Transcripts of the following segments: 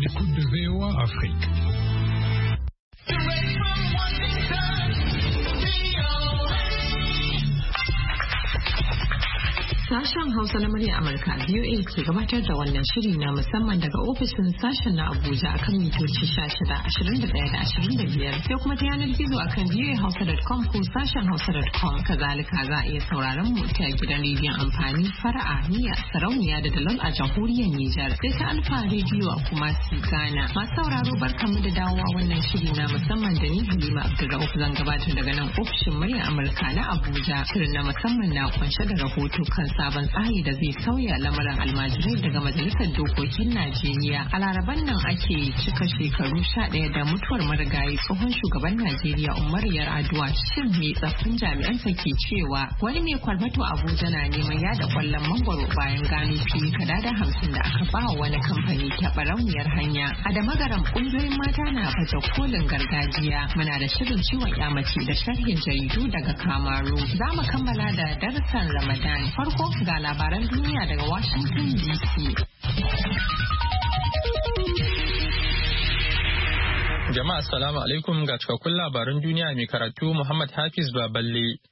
l'écoute de VOA Afrique. Sashen Hausa na murya Amurka VOA ke gabatar da wannan shiri na musamman daga ofishin sashen na Abuja akan mitoci 16, 21 da biyar sai kuma ta yanar gizo akan voahausa.com ko sashen hausa.com kazalika za a iya sauraron mu ta gidan rediyon amfani fara'a miya, sarauniya da dalon a jamhuriyar Nijar sai ta alfa rediyo a kuma su Ghana. Masu sauraro barkamu da dawowa wannan shiri na musamman da ni Halima Abdulrauf zan gabatar daga nan ofishin murya Amurka na Abuja shirin na musamman na kunshe da rahoto kan sabon tsari da zai sauya lamarin almajirai daga majalisar dokokin najeriya a laraban nan ake cika shekaru sha ɗaya da mutuwar marigayi tsohon shugaban najeriya umar yar'adua shin mai tsaffin jami'an ta ke cewa wani mai Kwalbato abuja na neman yada kwallon mangoro bayan gano fili da hamsin da aka ba wani kamfani ta barauniyar hanya a da magaran kungiyoyin mata na baje kolin gargajiya muna da shirin ciwon yamace da sharhin jaridu daga kamaru za mu kammala da darasan ramadan farko ga labaran duniya daga Washington DC. Jama'a Assalamu alaikum ga cikakkun labaran duniya mai karatu Muhammad Hafiz Baballe.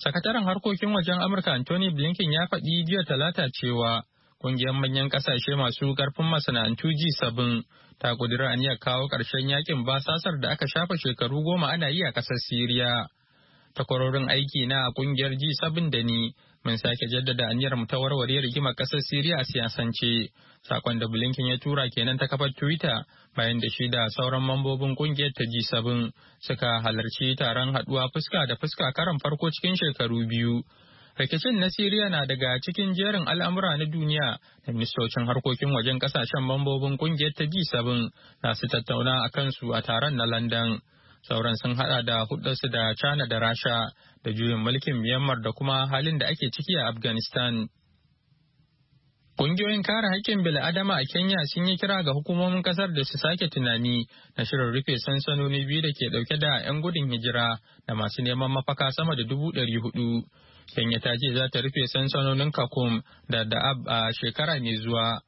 Sakataren harkokin wajen Amurka Anthony Blinken ya faɗi jiya talata cewa ƙungiyar manyan ƙasashe masu ƙarfin masana'antu G7 ta ƙudurar aniyar kawo ƙarshen yakin basasar da aka shafa shekaru goma ana yi a ƙasar Siriya. Takwarorin aiki na ƙungiyar G7 da ni Mun sake jaddada aniyar mu ta warware rigimar ƙasar Siriya a siyasance. Sakon da Blinken ya tura kenan ta kafar Twitter bayan da shi da sauran mambobin kungiyar ta G7 suka halarci taron haɗuwa fuska da fuska karan farko cikin shekaru biyu. Rikicin na Siriya na daga cikin jerin al'amura na duniya da ministocin harkokin wajen kasashen mambobin kungiyar ta G7 na su tattauna a kansu a taron na London. sauran sun hada da hudarsu da china da rasha da juyin mulkin myanmar da kuma halin da ake ciki a afghanistan Ƙungiyoyin kare haƙƙin bil'adama a Kenya sun yi kira ga hukumomin ƙasar da su sake tunani na shirin rufe sansanoni biyu da ke ɗauke da 'yan gudun hijira da masu neman mafaka sama da dubu ɗari hudu. Kenya ta ce za ta rufe sansanonin Kakum da Da'ab a shekara mai zuwa.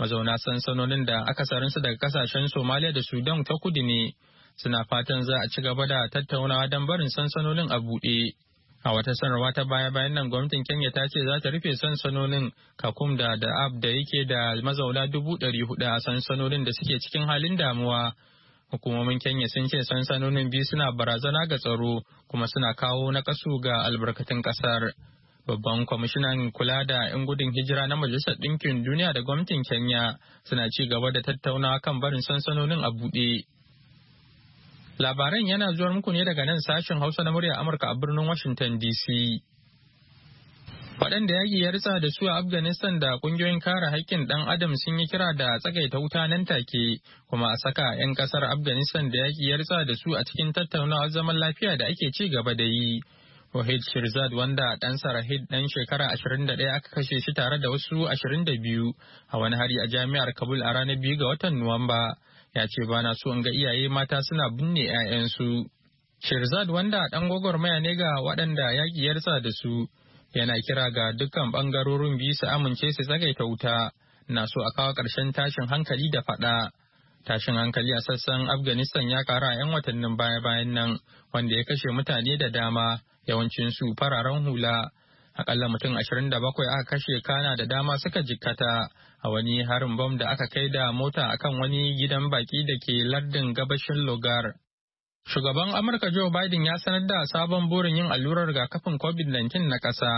Mazauna sansanonin da akasarinsu daga kasashen Somalia da Sudan ta kudu ne suna fatan za a ci gaba da tattaunawa don barin sansanonin a buɗe. A wata sanarwa ta baya-bayan nan gwamnatin Kenya ta ce za ta rufe sansanonin Kakum da Da'ab da yake da mazauna dubu ɗari hudu a sansanonin da suke cikin halin damuwa. Hukumomin Kenya sun ce sansanonin biyu suna barazana ga tsaro kuma suna kawo nakasu ga albarkatun ƙasar. Babban kwamishinan kula da 'yan gudun hijira na Majalisar Ɗinkin Duniya da gwamnatin Kenya suna ci gaba da tattaunawa kan barin sansanonin a buɗe. Labaran yana zuwa muku ne daga nan sashen Hausa na murya Amurka a birnin Washington DC. Waɗanda yaƙi ya ritsa da su a Afghanistan da ƙungiyoyin kare haƙƙin ɗan Adam sun yi kira da tsagaita wuta nan take, kuma a saka 'yan ƙasar Afghanistan da yaƙi ya ritsa da su a cikin tattaunawar zaman lafiya da ake ci gaba da yi. Wahid Shirzad wanda ɗan Rahid ɗan shekara 21 aka kashe shi tare da wasu 22 a wani hari a jami'ar Kabul a ranar biyu ga watan Nuwamba. ya ce ba na so in ga iyaye mata suna binne 'ya'yansu. Shirzad wanda ɗan gwagwarmaya ne ga waɗanda yaƙi yarsa da su yana kira ga dukkan ɓangarorin biyu su amince su tsagaita wuta na so a kawo ƙarshen tashin hankali da faɗa. Tashin hankali a sassan Afghanistan ya ƙara a 'yan watannin baya-bayan nan wanda ya kashe mutane da dama yawancinsu fararen hula. Akalla mutum ashirin da bakwai aka kashe kana da dama suka jikkata a wani harin bom da aka kai da mota akan wani gidan baki da ke lardin gabashin Logar. Shugaban Amurka Joe Biden ya sanar da sabon burin yin allurar rigakafin COVID-19 na ƙasa,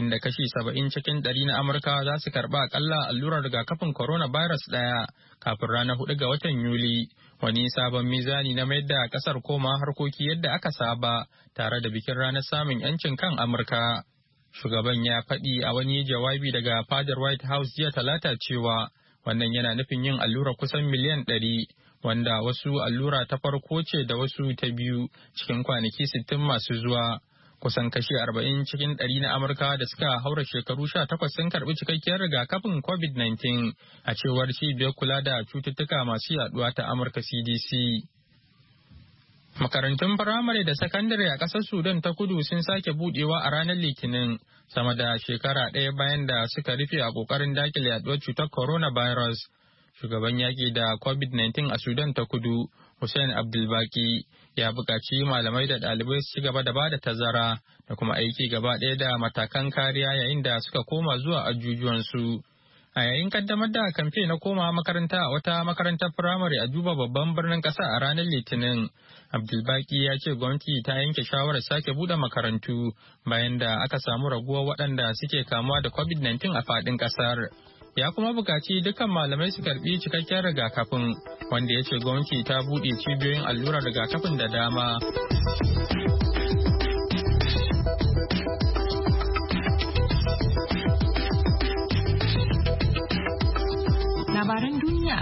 inda kashi saba'in cikin ɗari na Amurka za su karɓa aƙalla allurar rigakafin coronavirus ɗaya kafin ranar hudu ga watan Yuli, wani sabon mizani na mayar da ƙasar koma harkoki yadda aka saba tare da bikin ranar samun 'yancin kan Amurka. Shugaban ya faɗi a wani jawabi daga fadar White House jiya talata cewa wannan yana nufin yin allura kusan miliyan ɗari wanda wasu allura ta farko ce da wasu ta biyu cikin kwanaki sittin masu zuwa. Kusan kashi arba'in cikin ɗari na Amurka da suka haura shekaru sha takwas sun karɓi cikakkiyar rigakafin COVID-19 a cewar cibiyar kula da cututtuka masu yaɗuwa ta Amurka CDC. Makarantun firamare da sakandare a ƙasar Sudan ta kudu sun sake budewa a ranar Litinin sama da shekara ɗaya bayan da suka rufe a ƙoƙarin dakile yaduwar cutar coronavirus. Shugaban yaƙi da COVID-19 a Sudan ta kudu, Hussein Abdulbaki, ya buƙaci malamai da ɗalibai su ci gaba da bada tazara da kuma aiki gaba ɗaya da matakan kariya yayin da suka koma zuwa ajujuwansu. su. A yayin kaddamar da kamfe na koma makaranta a wata makarantar firamare a duba babban birnin ƙasa a ranar Litinin, Abdulbaki ya ce gwamnati ta yanke shawarar sake buɗe makarantu bayan da aka samu raguwar waɗanda suke kamuwa da COVID-19 a faɗin ƙasar. Ya kuma buƙaci dukkan malamai su karɓi cikakken rigakafin wanda ya ce gwamnati ta buɗe cibiyoyin allurar rigakafin da dama.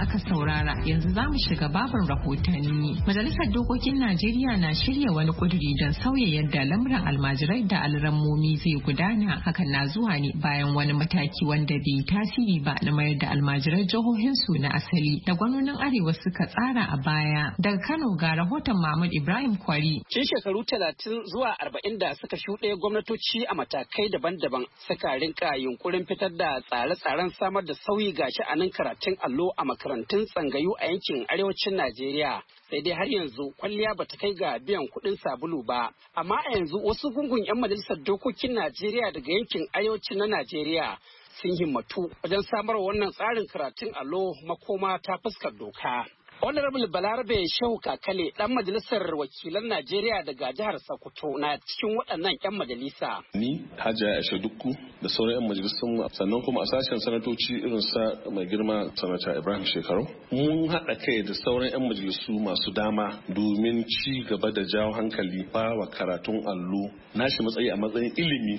aka saurara yanzu za mu shiga babin rahotanni. Majalisar Dokokin Najeriya na shirya wani kuduri don sauya yadda lamuran almajirai da alramomi zai gudana hakan na zuwa ne bayan wani mataki wanda bai tasiri ba na mayar da almajirai jihohinsu na asali da gwamnonin arewa suka tsara a baya. Daga Kano ga rahoton Mahmud Ibrahim Kwari. Cin shekaru talatin zuwa arba'in da suka shuɗe gwamnatoci a matakai daban-daban suka rinka yunkurin fitar da tsare-tsaren samar da sauyi ga sha'anin karatun allo a makaranta. Tun tsangayu a yankin arewacin Najeriya sai dai har yanzu kwalliya ba ta kai ga biyan kuɗin sabulu ba. Amma a yanzu wasu gungun 'yan majalisar dokokin Najeriya daga yankin arewacin na Najeriya sun himmatu wajen samar wannan tsarin karatun allo makoma ta fuskar doka. Honorable Balarabe Shehu Kakale dan majalisar wakilan Najeriya daga jihar Sokoto na cikin waɗannan 'yan majalisa. Ni Hajiya Aisha Dukku da sauran 'yan majalisun sannan kuma a sashen sanatoci irin sa mai girma sanata Ibrahim Shekaru. Mun haɗa kai da sauran 'yan majalisu masu dama domin ci gaba da jawo hankali ba wa karatun allo Na shi matsayi a matsayin ilimi.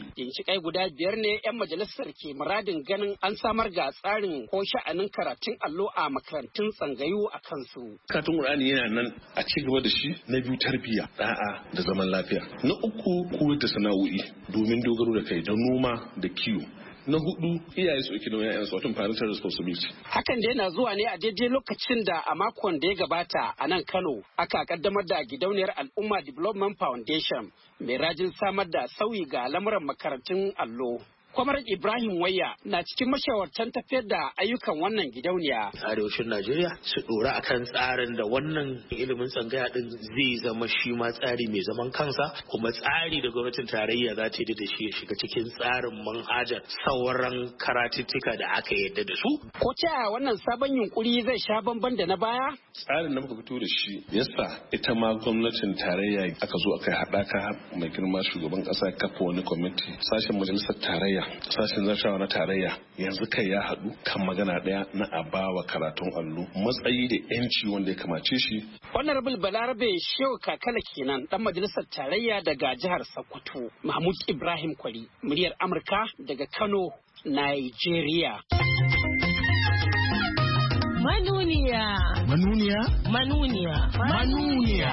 kai guda biyar ne 'yan majalisar ke muradin ganin an samar ga tsarin ko sha'anin karatun allo a makarantun tsangayu a kan su katin qur'ani yana nan a ci gaba da shi na biyu tarbiyya da'a da zaman lafiya na uku koyar da sana'o'i domin dogaro da kai don noma da kiwo na hudu iyaye su ɗauki nauyin da su parental responsibility. Hakan da yana zuwa ne a daidai lokacin da a makon da ya gabata a nan Kano aka kaddamar da gidauniyar Al'umma Development Foundation mai rajin samar da sauyi ga lamuran makarantun allo. Kwamar Ibrahim Wayya na cikin mashawartan tafiyar da ayyukan wannan gidauniya. Arewacin Najeriya su dora kan tsarin da wannan ilimin tsangaya din zai zama shi ma tsari mai zaman kansa kuma tsari da gwamnatin tarayya za ta yi da shi ya shiga cikin tsarin manhajar sauran karatuttuka da aka yadda da su. Ko ta wannan sabon yunkuri zai sha bamban da na baya? Tsarin da muka fito da shi yasa ita ma gwamnatin tarayya aka zo aka haɗaka mai girma shugaban ƙasa kafa wani kwamiti sashen majalisar tarayya sashen zartawa na tarayya yanzu kai ya haɗu kan magana ɗaya na abawa karatun allo matsayi da yanci wanda ya kamace shi. honorable balarabe shehu kakala kenan dan majalisar tarayya daga jihar sokoto mahmud ibrahim kwari muryar amurka daga kano nigeria. Manuniya. Manuniya? Manuniya. Manuniya.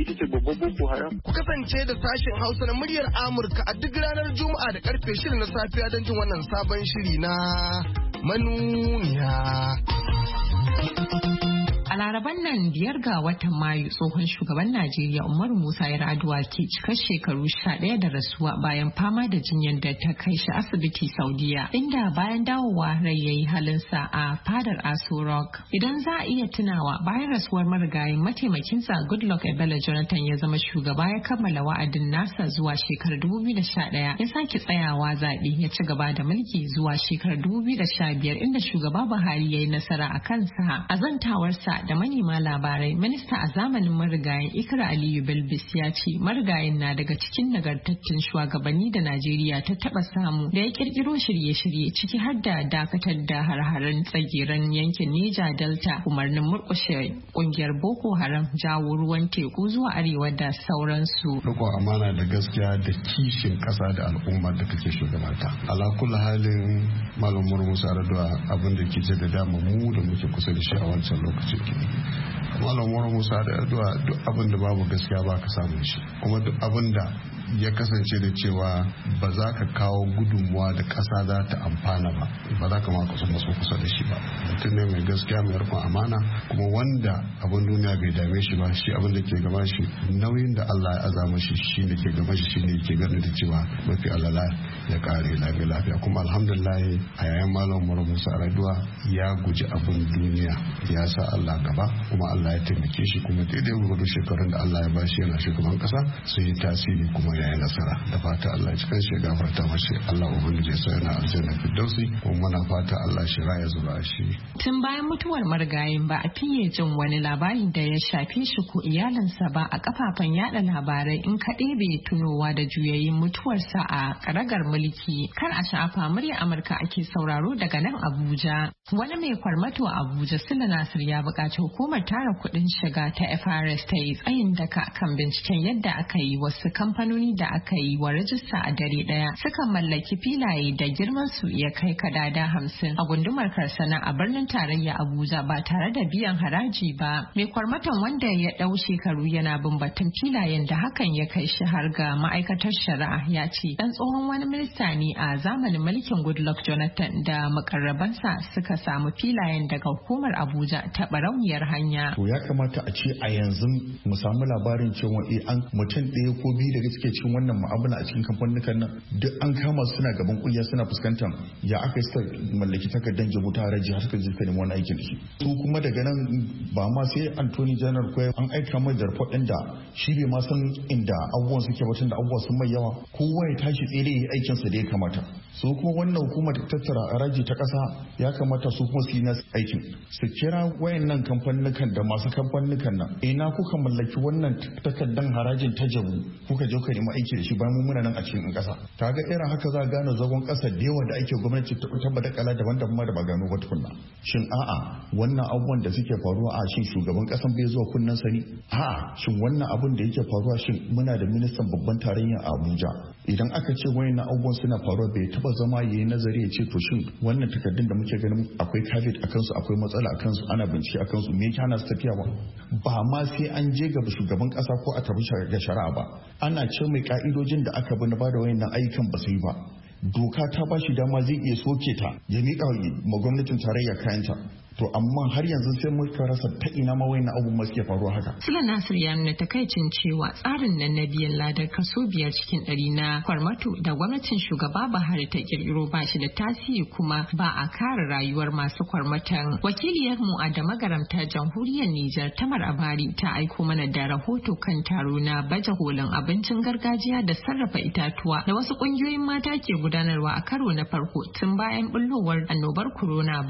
ita ce babban boko haram. Ku kasance da sashen Hausa na muryar Amurka a duk ranar Juma'a da karfe shirin na safiya don jin wannan sabon shiri na manuniya. laraban nan biyar ga watan Mayu tsohon shugaban Najeriya Umaru Musa ya raduwa ke cikar shekaru sha ɗaya da rasuwa bayan fama da jinyar da ta kai shi asibiti Saudiya inda bayan dawowa rai ya yayi halinsa a fadar Aso Rock. Idan za a iya tunawa bayan rasuwar marigayi mataimakin sa Goodluck Ebele Jonathan ya zama shugaba ya kammala wa'adin nasa zuwa shekarar 2011 ya sake tsayawa zaɓe ya ci gaba da mulki zuwa shekarar biyar inda shugaba Buhari ya yi nasara a kansa a zantawarsa da manema labarai minista a zamanin marigayen ikra aliyu bilbis ya ce marigayen na daga cikin nagartattun shugabanni da najeriya ta taba samu da ya kirkiro shirye-shirye ciki har da dakatar da harharen tsagiran yankin neja delta umarnin murkushe kungiyar boko haram jawo ruwan teku zuwa arewa da sauransu riko amana da gaskiya da kishin kasa da al'umma da kake shugabanta ala halin malam musa abin da ke jaddada mu da muke kusa da shi a wancan lokacin malam musa da addu'a duk abin da babu gaskiya ba ka samun shi kuma duk abin da ya kasance da cewa ba za ka kawo gudunmuwa da ƙasa za ta amfana ba ba za ka maka sun maso kusa da shi ba mutum ne mai gaskiya mai rufin amana kuma wanda abin duniya bai dame shi ba shi abin da ke gaba shi nauyin da Allah ya azama shi shi da ke gaba shi shi ne ke ganin da cewa mafi alala ya kare lafiya lafiya kuma alhamdulillah a yayin malam Umar Musa Raduwa ya guji abin duniya ya sa Allah gaba kuma Allah ya taimake shi kuma daidai gurgudu shekarun da Allah ya bashi yana shugaban kasa sai ya tasiri kuma da ya nasara da fata Allah cikin shi gafarta mashi Allah ubangiji sa yana aljanna firdausi kuma muna fata Allah shi raya zuba shi tun bayan mutuwar marigayin ba a fiye jin wani labari da ya shafi shi ko iyalinsa ba a kafafen yada labarai in kaɗai bai tunowa da juyayin mutuwarsa a karagar mulki kar a shafa murya Amurka ake sauraro daga nan Abuja wani mai kwarmato a Abuja suna Nasir ya buƙaci hukumar tara kuɗin shiga ta FRS ta yi tsayin daka kan binciken yadda aka yi wasu kamfanoni jihohi da aka yi wa rajista a dare daya suka mallaki filaye da girman su ya kai kadada hamsin a gundumar karsana a birnin tarayya abuja ba tare da biyan haraji ba mai kwarmatan wanda ya dau shekaru yana bin batun filayen da hakan ya kai shi har ga ma'aikatar shari'a ya ce dan tsohon wani minista ne a zamanin mulkin goodluck jonathan da makarrabansa suka samu filayen daga hukumar abuja ta barauniyar hanya to ya kamata a ce a yanzu mu samu labarin cewa eh, an mutum ɗaya ko biyu daga cikin cikin wannan mu'amala a cikin kamfanin nan duk an kama su suna gaban kungiya suna fuskantar ya aka suka mallaki takardar ta haraji har suka je suka nemi wani aikin shi su kuma daga nan ba ma sai antoni janar kwaya an aika mai da ɗin din da shi bai ma san inda abubuwan suke ba da abubuwa sun mai yawa kowa ya tashi tsere ya yi aikinsa da ya kamata so kuma wannan hukumar tattara haraji ta kasa ya kamata su kuma su yi nasu aikin su kira wayannan kamfanin da masu kan nan ina kuka mallaki wannan takardan harajin ta jabu kuka je ka nemi aiki da shi bayan muna nan a cikin ƙasa ta ga irin haka za gane zagon kasa da yawa da ake gwamnati ta tabbata kala daban-daban ma da ba gano ba tukunna shin a'a wannan abubuwan da suke faruwa a shin shugaban ƙasan bai zuwa kunnen sani a'a shin wannan abun da yake faruwa shin muna da ministan babban tarayya a Abuja idan aka ce wayannan abubuwan suna faruwa bai taba taba zama ya yi nazari ya ce to shin wannan takardun da muke ganin akwai covid a kansu akwai matsala a kansu ana bincike a kansu me yake ana su tafiya ba ba ma sai an je ga shugaban kasa ko a tabi ga shari'a ba ana ce mai ka'idojin da aka bi na bada na ayyukan ba su yi ba doka ta ba shi dama zai iya soke ta ya miƙa ma gwamnatin tarayya kayanta to amma har yanzu sai muka rasa ta ina ma wayannan abubuwan suke faruwa haka Sula Nasir ya nuna takaicin cewa tsarin nan na biyan ladar kaso biyar cikin ɗari na kwarmato da gwamnatin shugaba Buhari ta kirkiro ba shi da tasiri kuma ba a kare rayuwar masu kwarmatan wakiliyar mu a da magaramta jamhuriyar Nijar Tamar Abari ta aiko mana da rahoto kan taro na baje kolin abincin gargajiya da sarrafa itatuwa da wasu kungiyoyin mata ke gudanarwa a karo na farko tun bayan bullowar annobar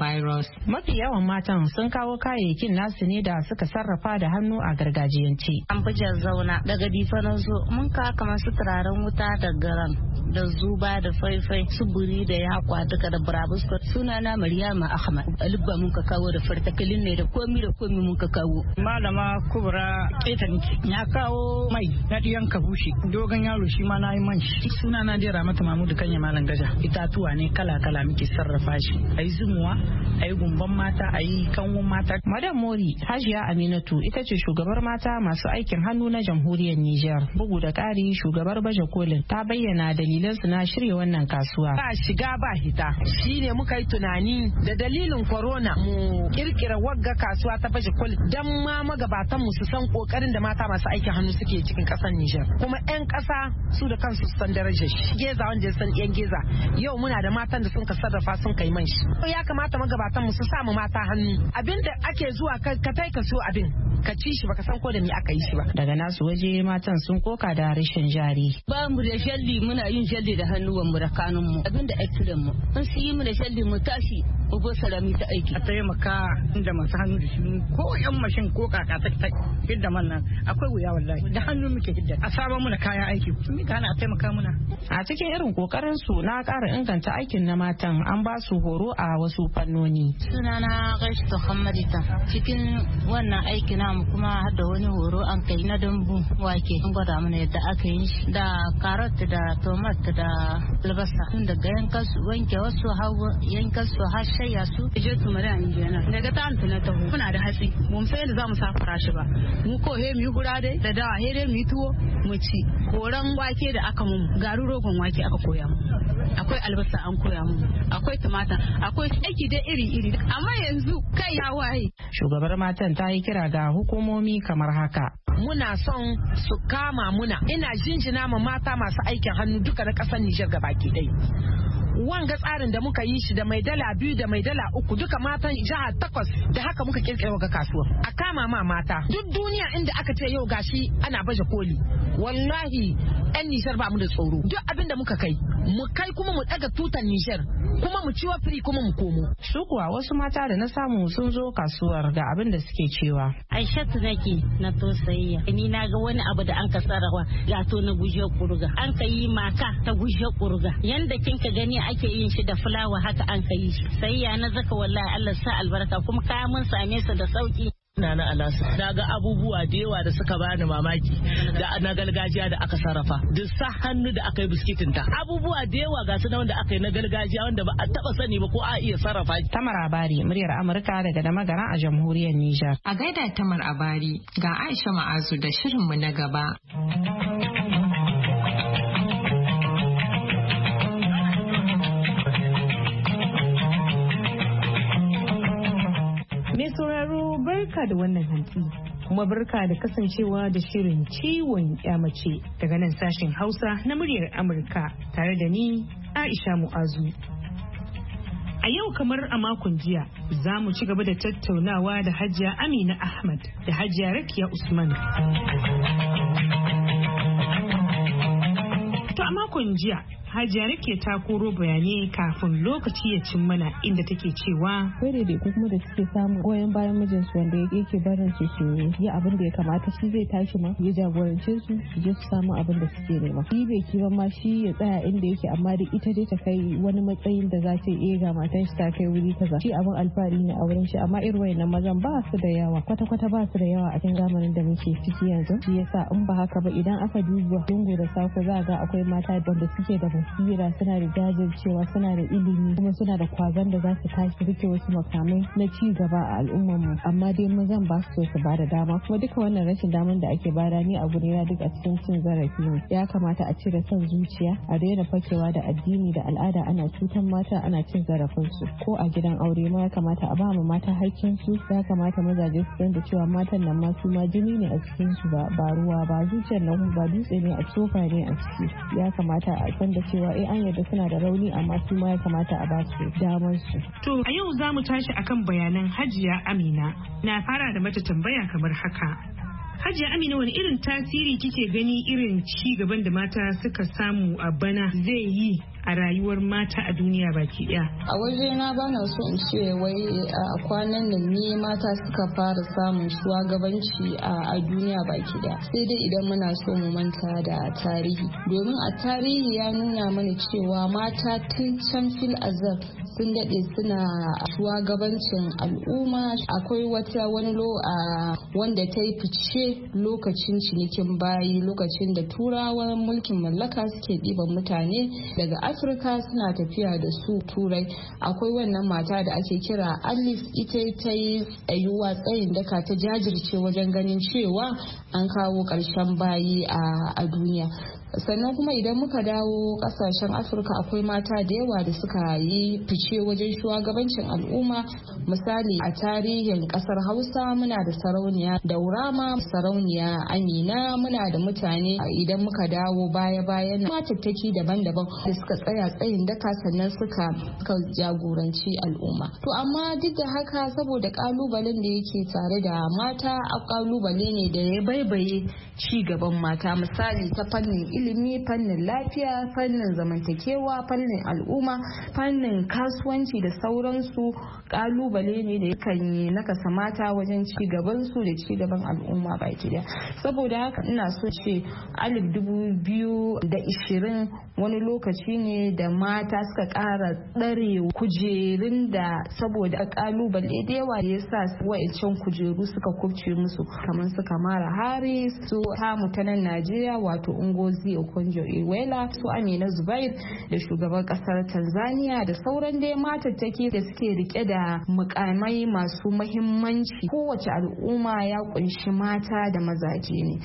virus mafi yawan matan sun kawo kayayyakin nasu ne da suka sarrafa da hannu a gargajiyance. An fi zauna daga difa zo mun ka kamar su turaren wuta da garan da zuba da faifai su buri da yakwa duka da burabusko suna na Maryama Ahmad alibba mun ka kawo da fartakalin ne da komi da komi mun ka kawo. Malama Kubra Ketanke ya kawo mai na ɗiyan kabushi dogon yaro shi ma na yi man shi. Suna na jera mata Mamudu Kanya Malam Gaja itatuwa ne kala kala muke sarrafa shi a yi zumuwa a yi gumban mata kamata a yi kanwon mata. Madam Mori Hajiya Aminatu ita ce shugabar mata masu aikin hannu na jamhuriyar Nijar. Bugu da ƙari shugabar baje kolin ta bayyana dalilan su na shirya wannan kasuwa. Ba shiga ba hita shi ne muka yi tunani da dalilin corona mu kirkira wagga kasuwa ta baje kolin dan ma magabatan mu su san kokarin da mata masu aikin hannu suke cikin ƙasar Nijar. Kuma 'yan ƙasa su da kansu su san darajar shi. Geza wanda ya san 'yan geza yau muna da matan da sun ka sarrafa sun kai man shi. Ya kamata magabatan mu su sa mu mata sa hannu abinda ake zuwa ka kai ka so abin ka ci shi baka san ko da me aka yi shi ba daga nasu waje matan sun koka da rashin jari ba mu da shalli muna yin shalli da hannuwan mu da kanun mu abinda ake mu in su yi mu da shalli mu tashi go salami ta aiki a taimaka da masu hannu da shi ko yan mashin ko kaka ta ta hidda man nan akwai wuya wallahi da hannu muke hidda a saba muna kayan aiki sun ka hana a taimaka muna a cikin irin kokarin su na ƙara inganta aikin na matan an ba su horo a wasu fannoni sunana na gaishe to ta cikin wannan aiki mu kuma har da wani horo an kai na dambu wake an gwada mana yadda aka yi shi da karot da tomat da albasa tun daga yankan su wanke wasu hawa yankan su har shayya su je su mara na daga ta antu na taho muna da hatsi Mu sai da zamu safara shi ba mu ko he mu gura dai da dawa he dai mu tuwo mu ci koran wake da aka mu garu rogon wake aka koya mu akwai albasa an koya mu akwai tumatir akwai aiki da iri iri amma yanzu kai ya waye. Shugabar matan ta yi kira ga hukumomi kamar haka. Muna son su kama muna ina jinjina ma mata masu aikin hannu duka na ƙasar Nijar ke ɗaya. wanga tsarin da muka yi shi da mai dala biyu da mai dala uku duka matan jiha takwas da haka muka kirkira ga kasuwa a kama ma mata duk duniya inda aka ce yau gashi ana baje koli wallahi 'yan Nishar ba mu da tsoro. Duk abin da muka kai, mu kai kuma mu daga tutan Nishar, kuma mu ciwa firi kuma mu komo. Su kuwa wasu mata da na samu sun zo kasuwar ga abin da suke cewa. Aishatu nake na tosayya. Ni na ga wani abu da an ka sarrafa gato na guje kurga. An ka yi maka ta guje kurga. Yanda kin ka gani ake yin shi da fulawa haka an ka yi shi. Sayya na zaka wallahi Allah sa albarka kuma kaya mun same su da sauki. na na alasa na ga abubuwa da yawa da suka bani mamaki da na gargajiya da aka sarrafa duk sa hannu da aka yi biskitin ta abubuwa da yawa ga na wanda aka yi na gargajiya wanda ba a taba sani ba ko a iya sarrafa tamar abari muryar amurka daga da magana a jamhuriyar nijar a gaida tamar abari ga aisha ma'azu da shirin mu na gaba sauraro barka da wannan hantsi kuma barka da kasancewa da shirin ciwon mace daga nan sashen Hausa na muryar Amurka tare da ni Aisha Mu'azu. A yau kamar a makon jiya za mu ci gaba da tattaunawa da Hajiya Amina Ahmad da Hajiya Rakiya Usman. To a makon jiya Hajiya Rake takoro koro bayanai kafin lokaci ya cin mana inda take cewa. Kwai da ko kuma da suke samun goyon bayan mijinsu wanda yake barin su su yi abin da ya kamata shi zai tashi ma ya jagorance su su je su samu abin da suke nema. Shi bai kiba ma shi ya tsaya inda yake amma da ita dai ta kai wani matsayin da za ta iya ga matan shi ta kai wuri kaza. Shi abin alfahari ne a wurin shi amma irin wayannan mazan ba su da yawa kwata-kwata ba su da yawa a cikin zamanin da muke ciki yanzu. Shi yasa in ba haka ba idan aka duba dungu da sako za a ga akwai mata wanda suke da basira suna da jajircewa suna da ilimi kuma suna da kwazon da za su tashi rike wasu makamai na ci gaba a al'ummar mu amma dai zan ba su su ba bada dama kuma duka wannan rashin damar da ake bada ni a gurina duk duka cikin cin zarafi ne ya kamata a cire son zuciya a daina fakewa da addini da al'ada ana cutan mata ana cin zarafinsu ko a gidan aure ma ya kamata a ba mu mata haƙƙin su ya kamata mazaje su san da cewa matan nan ma su ma jini ne a cikin su ba ruwa ba zuciyar nan ba dutse ne a tsofa ne a ciki ya kamata a san da cewa AI eh, an yarda suna da rauni amma su ma ya kamata a ba su damar su. To a yau za mu tashi akan bayanan Hajiya Amina. Na fara da mata tambaya kamar haka. Hajiya Amina wani irin tasiri kike gani irin ci gaban da mata suka samu a bana zai yi a rayuwar mata a duniya baki daya. A waje na bana so in ce wai a kwanan nan ne mata suka fara samun shugabanci a duniya baki daya. Sai dai idan muna so mu manta da tarihi. Domin a tarihi ya nuna mana cewa mata tun can fil azab sun daɗe suna shugabancin al'umma akwai wata wani lo a wanda ta yi fice lokacin cinikin bayi lokacin da turawan mulkin mallaka suke ɗiban mutane daga afirka suna tafiya da su turai akwai wannan mata da ake kira alif ita ta yi tsayuwa tsayin daka ta jajirce wajen ganin cewa an kawo ƙarshen bayi a duniya sannan kuma idan muka dawo kasashen afirka akwai mata da yawa da suka yi fice wajen shugabancin al'umma misali a tarihin kasar hausa muna da sarauniya daurama sarauniya amina muna da mutane idan muka dawo baya-bayan matattaki daban-daban da suka tsaya tsayin daka sannan suka jagoranci al'umma to amma duk da haka saboda kalubalen da yake tare da mata a kalubale ne da ya baibaye ci gaban mata misali ta fannin ilimi fannin lafiya fannin zamantakewa fannin al'umma fannin kasuwanci da sauransu kalubale ne da kan yi nakasa mata wajen ci gaban da ci gaban al'umma baki daya saboda haka ina so ce alif dubu biyu da ishirin wani lokaci ne da mata suka kara tsare kujerun da saboda kalubale da yawa ya sa wa'ancan kujeru suka kubce musu kamar suka mara hari su ta nan najeriya wato ungozi Obi Okonjo Iweala su Amina Zubair da shugaban kasar Tanzania da sauran dai matattaki da suke rike da mukamai masu muhimmanci kowace al'umma ya kunshi mata da mazaje ne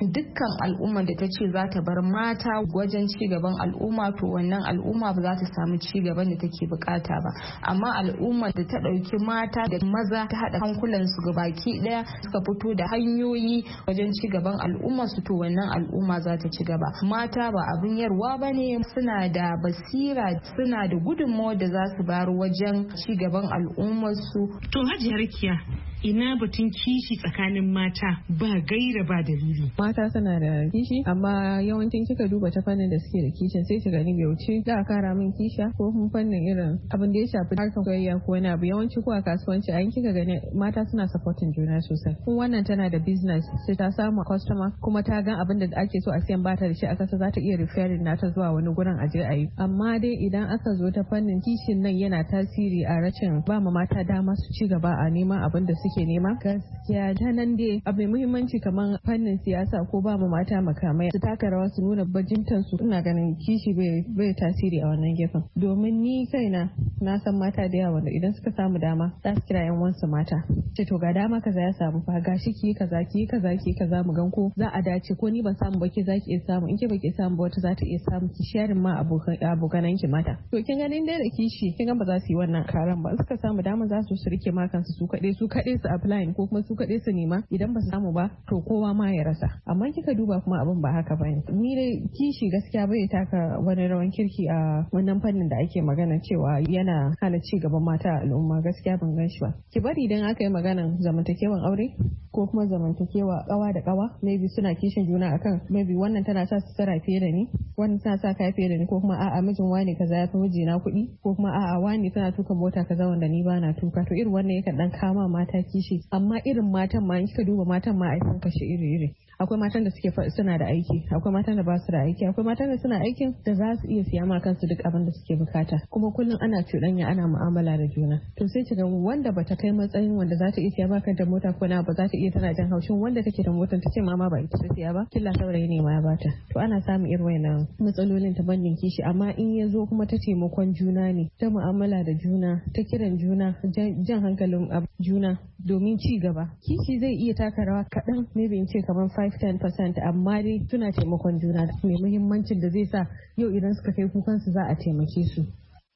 dukkan al'ummar da ta ce za ta bar mata wajen cigaban al'umma to wannan al'umma ba za ta samu cigaban da take bukata ba amma al'umma da ta ɗauki mata da maza ta haɗa hankulansu ga baki ɗaya suka fito da hanyoyi wajen cigaban al'umma su to wannan al'umma za ta ci gaba mata ba abin yarwa ba ne suna da basira suna da gudunmawar da za su bayar wajen cigaban al'ummarsu to hajiyar kiya ina batun kishi tsakanin mata ba gaira ba dalili. Mata suna da kishi amma yawancin kika duba ta fannin da suke da kishin sai ki gani bai wuce za a kara min kisha ko kuma fannin irin abin da ya shafi harkar soyayya ko wani abu yawanci ko a kasuwanci an kika gani mata suna supporting juna sosai. Kuma wannan tana da business sai ta samu customer kuma ta gan abin da ake so a siyan ba ta da shi a kasa za ta iya referring nata zuwa wani gurin aje a yi. Amma dai idan aka zo ta fannin kishin nan yana tasiri a rashin ba mata dama su ci gaba a neman abin da suke kake nema? Gaskiya ta nan dai abu muhimmanci kamar fannin siyasa ko ba mu mata makamai su taka rawa su nuna bajintan su ina ganin kishi bai tasiri a wannan gefen. Domin ni kaina na san mata da yawa wanda idan suka samu dama za su kira yan wansu mata. Ce to ga dama kaza ya samu fa gashi ki kaza ki kaza ki kaza mu gan ko za a dace ko ni ban samu ba ke za ki iya samu in ki ba ki samu ba wata za ta iya samu ki sharin ma abokanan ki mata. To kin ganin dai da kishi kin ga ba za su yi wannan karan ba suka samu dama za su rike ma kansu su kaɗai su kaɗai su applying ko kuma su kaɗai su nema idan ba su samu ba to kowa ma ya rasa amma kika duba kuma abin ba haka bane ni dai kishi gaskiya bai taka wani rawan kirki a wannan fannin da ake magana cewa yana hana ci gaban mata al'umma gaskiya ban gan shi ba ki bari idan aka yi maganan zamantakewan aure ko kuma zamantakewa kawa da kawa maybe suna kishin juna akan maybe wannan tana sa tsara fiye da ni wannan tana sa kaya fiye da ni ko kuma a'a mijin wani kaza ya fi mijina kuɗi ko kuma a'a wani tana tuka mota kaza wanda ni bana tuka to irin wannan yakan dan kama mata kishi amma irin matan ma in kika duba matan ma aikin kashe iri-iri akwai matan da suke suna da aiki akwai matan da ba da aiki akwai matan da suna aikin da za su iya siya ma kansu duk abin da suke bukata kuma kullum ana cuɗanya ana mu'amala da juna to sai ga wanda bata kai matsayin wanda za ta iya siya ma kanta mota ko na ba za ta iya tana jan haushin wanda kake da motar ta ce mama ba ita tafiya ba killa saurayi ne ma ya bata to ana samun irin wayannan matsalolin ta bannin kishi amma in ya zo kuma ta taimakon juna ne ta mu'amala da juna ta kiran juna jan hankalin juna domin ci gaba kishi zai iya taka rawa kaɗan maybe in ce kamar 5-10% amma dai suna taimakon juna mai muhimmancin da zai sa yau idan suka kai kukansu za a taimake su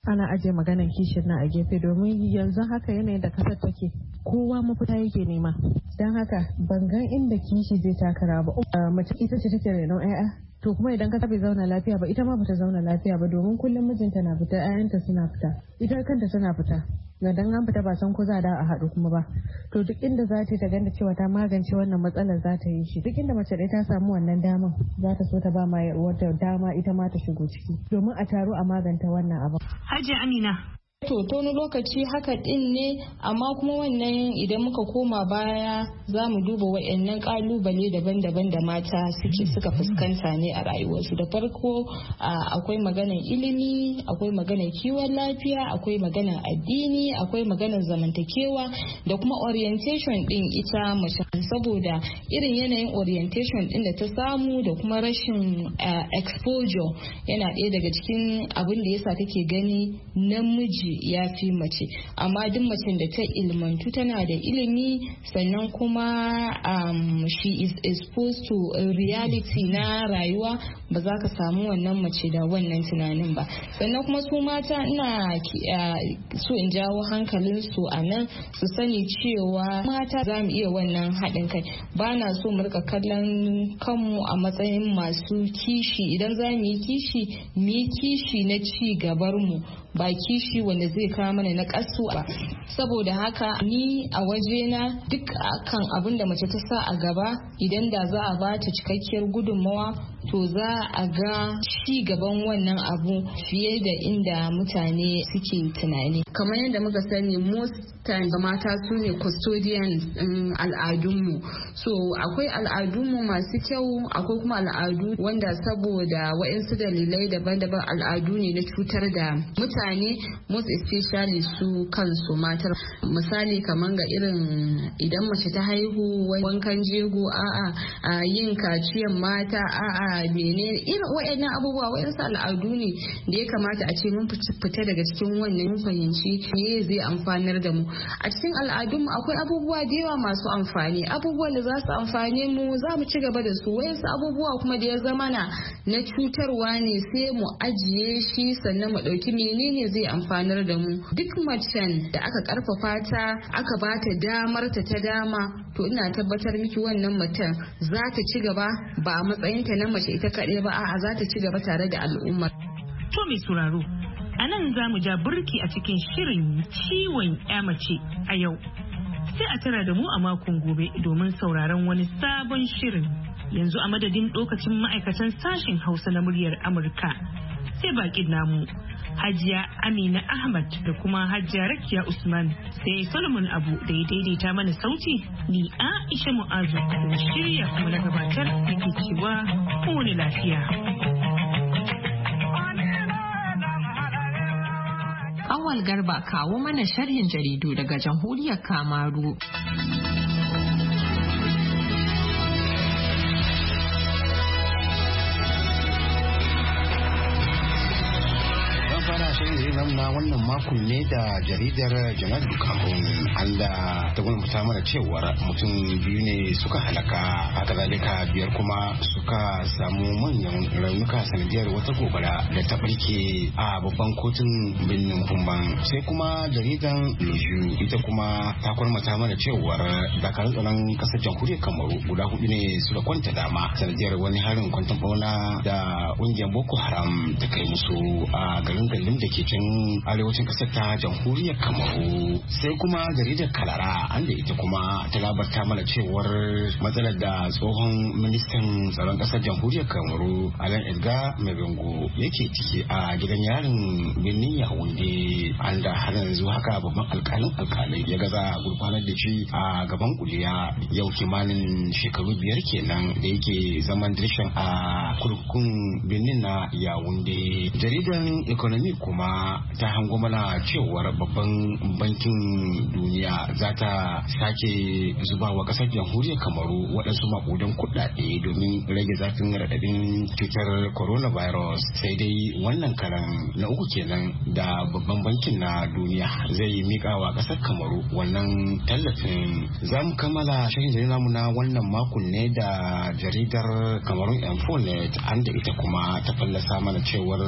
ana ajiye maganan kishin na a gefe domin yanzu haka yanayin da kasar take kowa mafita yake nema don haka ban ga inda kishi zai takara ba mace ita ce take renon 'ya'ya to kuma idan ka tafi zauna lafiya ba ita ma bata zauna lafiya ba domin kullum mijinta na fita 'ya'yanta suna fita ita kanta tana fita ga dan an fita ba san ko za a a haɗu kuma ba to duk inda za ta ta ganda cewa ta magance wannan matsalar za ta yi shi duk inda mace ɗaya ta samu wannan daman za ta so ta ba ma wata dama ita ma ta shigo ciki domin a taro a maganta wannan abu. Hajiya Amina To, wani lokaci haka ɗin ne, amma kuma wannan idan muka koma baya za mu duba waɗannan ƙalubale daban-daban da mata suke suka fuskanta ne a rayuwarsu. Da farko akwai maganar ilimi, akwai maganar kiwon lafiya, akwai maganar addini, akwai maganar zamantakewa da kuma orientation ɗin ita mace saboda irin yanayin orientation ɗin da ta samu da kuma rashin exposure yana ɗaya daga cikin abin da yasa take gani namiji namiji ya fi mace amma duk mace da ta ilmantu tana da ilimi sannan kuma um, she is exposed to reality na rayuwa ba za ka samu wannan mace da wannan tunanin ba sannan kuma su mata ina so in jawo hankalin su a nan su sani cewa mata za mu iya wannan haɗin kai ba na so mu rika kallon kanmu a matsayin masu kishi idan za mu yi kishi mu yi kishi na ci gabar mu ba kishi wanda zai kawo mana na ba saboda haka ni a wajena duk akan abin da mace ta sa a gaba idan da za a bata cikakkiyar gudunmawa to za a ga ci gaban wannan abu fiye da inda mutane suke tunani kamar yadda muka sani most times mata su ne custodians al'adunmu so akwai al'adunmu masu kyau akwai kuma al'adu wanda saboda waɗansu dalilai daban-daban al'adu ne na cutar da mutane most especially su kansu matar misali kamar ga irin idan mace ta haihu wankan jego a'a a yin kaciyan mata a'a mene irin wa'annan abubuwa wayansu al'adu ne da ya kamata a ce mun fita daga cikin wannan mun fahimci me zai amfanar da mu a cikin al'adun mu akwai abubuwa da yawa masu amfani abubuwan da za su amfane mu za mu ci gaba da su wayansu abubuwa kuma da ya zama na na cutarwa ne sai mu ajiye shi sannan mu ɗauki menene zai amfanar da mu duk macen da aka karfafa ta aka ba ta damar ta ta dama to ina tabbatar miki wannan mutum za ta ci gaba ba a matsayinta na mace kanta ita kaɗai ba a'a za ta ci gaba tare da al'umma. To mai sauraro, a nan za mu ja burki a cikin shirin ciwon ya mace a yau. Sai a tara da mu a makon gobe domin sauraron wani sabon shirin. Yanzu a madadin ɗokacin ma'aikatan sashen Hausa na muryar Amurka. Sai baƙin namu. hajiya amina ahmad da kuma hajiya rakiya usman sai solomon abu da ya daidaita mana sauti ni aisha mu'azu da shirya kuma na gabatar da cewa kowane lafiya Awal Garba kawo mana sharhin jaridu daga jamhuriyar Kamaru. nan na wannan makon ne da jaridar janar Cameroon Allah ta gulmuta mana cewar mutum biyu ne suka halaka haka zalika biyar kuma suka samu manyan raunuka sanadiyar wata gobara da ta barke a babban kotun birnin Kumban sai kuma jaridar Leju ita kuma ta gulmuta mana cewar dakarun tsaron kasar jamhuriyar Kamaru guda hudu ne suka kwanta dama sanadiyar wani harin kwantan bauna da ƙungiyar Boko Haram ta kai musu a garin gandun da ke can arewacin kasar ta jamhuriyar kamaru sai kuma jaridar kalara an da ita kuma ta labarta mana cewar matsalar da tsohon ministan tsaron kasar jamhuriyar kamaru alan edgar mabingo yake ciki a gidan yarin birnin yawunde an da har yanzu haka babban alkalin alkalai ya gaza gurfanar da shi a gaban kuliya yau kimanin shekaru biyar kenan da yake zaman dirshan a kurkun birnin na yawunde jaridan economy kuma ta hango mana cewar babban bankin duniya za ta sake zuba wa kasar jamhuriyar Kamaru waɗansu makudan kuɗaɗe domin rage zafin raɗaɗin cutar coronavirus sai dai wannan karan na uku kenan da babban bankin na duniya zai miƙa wa kasar Kamaru wannan tallafin za mu kammala shirin da namu na wannan makon ne da jaridar Kamarun Infonet an da ita kuma ta fallasa mana cewar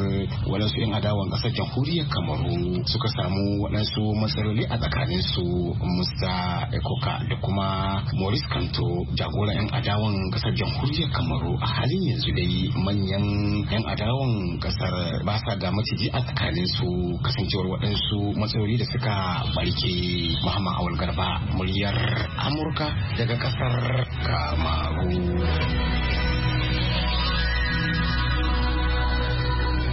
waɗansu 'yan adawan kasar jamhuriyar jamhuriyar kamaru suka samu waɗansu matsaloli a tsakanin su musa ekoka da kuma maurice kanto jagoran 'yan adawan kasar jamhuriyar kamaru a halin yanzu dai manyan 'yan adawan kasar ba sa ga maciji a tsakanin su kasancewar waɗansu matsaloli da suka barke muhammad awal garba muryar amurka daga kasar kamaru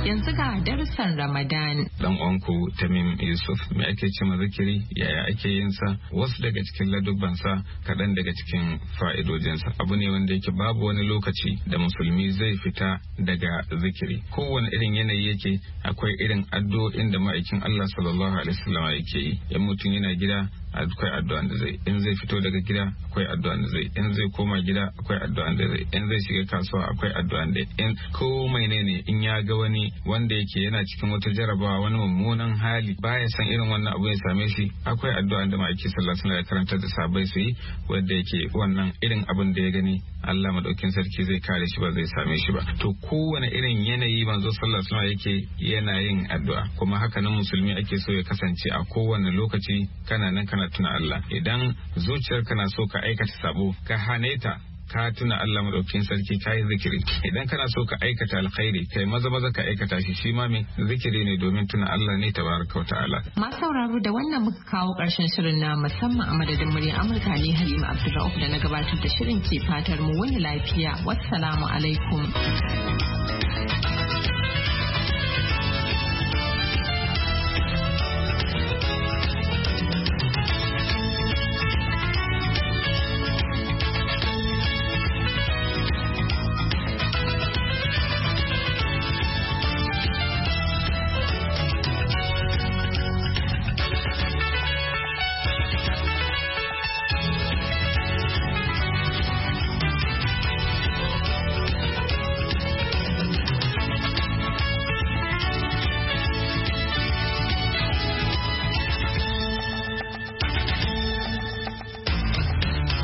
yanzu ga darsan Ramadan. Dan uwanku Tamim Yusuf me ake ce zikiri yaya ake yin sa wasu daga cikin ladubansa kaɗan daga cikin fa'idojinsa abu ne wanda yake babu wani lokaci da musulmi zai fita daga zikiri kowane irin yanayi yake akwai irin addu'o'in da ma'aikin Allah sallallahu alaihi wasallam yake yi in mutum yana gida akwai addu'an da zai in zai fito daga gida akwai addu'an da zai in zai koma gida akwai addu'an da zai in zai shiga kasuwa akwai addu'an da in komai ne ne in ya ga wani wanda yake yana cikin wata jarabawa wani mummunan hali baya san irin wannan abu ya same shi akwai addu'an da ma sallallahu alaihi wasallam karanta da sabai su yi wanda yake wannan irin abin da ya gani Allah madaukin sarki zai kare shi ba zai same shi ba to kowane irin yanayi manzo sallallahu alaihi wasallam yake yana yin addu'a kuma haka nan musulmi ake so ya kasance a kowane lokaci kana nan kana tuna Allah idan zuciyarka na so ka aikata sabo ka hane ka tuna Allah madaukakin sarki ka yi zikiri idan kana so ka aikata alkhairi kai maza maza ka aikata shi shi ma me zikiri ne domin tuna Allah ne tabaraka wa ta'ala ma sauraro da wannan muka kawo karshen shirin na musamman a madadin murya Amurka ne Halima Abdulrauf da na gabatar da shirin ke fatar mu wani lafiya wassalamu alaikum